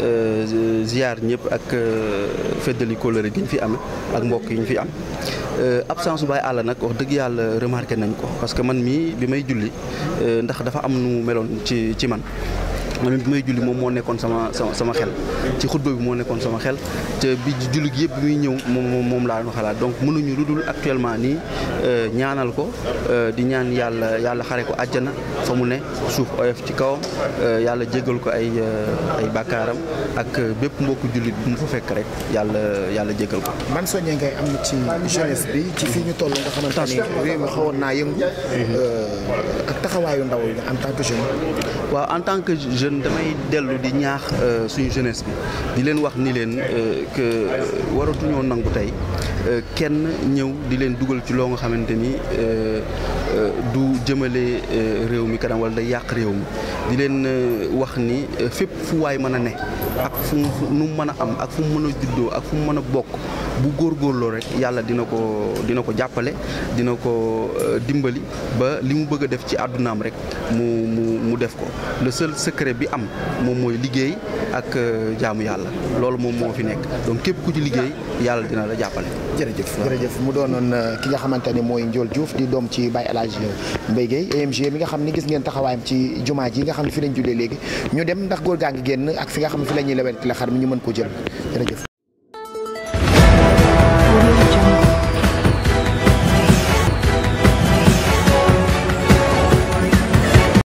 Euh, ziar ñëpp ak euh, feddali kóllëre gi ñu fi am ak mbokk yi ñu fi am euh, absence Baye Alla nag wax dëgg yàlla remarqué nañ ko parce que man mii bi may julli ndax dafa am nu meloon ci ci man man bi may julli moom moo nekkoon sama sama sama xel ci xutba bi moo nekkoon sama xel te bi julli gi yëpp muy ñëw moom moom laa doon xalaat donc mënuñu lu dul actuellement nii euh, ñaanal ko euh, di ñaan yàlla yàlla xare ko àjjana fa mu ne suuf oyof ci kawam euh, yàlla jéggal ko ay ay bàkkaaram ak bépp mbokk jullit bu mu fa fekk rek yàlla yàlla jéggal ko. man soññee ngay am ci jeunesse bi ci fi ñu toll nga xamante ni réew mi xawoon naa yëngu. Mhm. ak taxawaayu ndaw yi en tant que jeune. waaw jeune damay dellu di ñaax euh, suñu jeunesse bi di leen wax ni leen euh, que euh, waratuñoo nangu tey kenn ñëw di leen dugal ci loo nga xamante ni du jëmale réew mi kanam wala day yàq réew mi di leen wax ni fépp fu waay mën a ne ak fu nu mën a am ak fu mu mën a juddoo ak fu mu mën a bokk bu góor góorgóorloo rek yàlla dina ko dina ko jàppale dina ko euh, dimbali ba li mu bëgg a def ci àddunaam rek mu mu def ko le seul secret bi am moom mooy liggéey ak euh, jaamu yàlla loolu moom moo fi nekk donc képp ku ci liggéey yàlla dina la jàppale. jërëjëf jërëjëf mu doonoon euh, ki nga xamante ne mooy Ndiol Diouf di doom ci Baye El Hadj Mbaye Gueye AMG mi nga xam ni gis ngeen taxawaayam ci jumaa ji nga xam ne fi lañ jullee léegi ñu dem ndax góor gaa ngi génn ak fi nga xam ne fi la ñuy lewet la xar ñu mën ko jël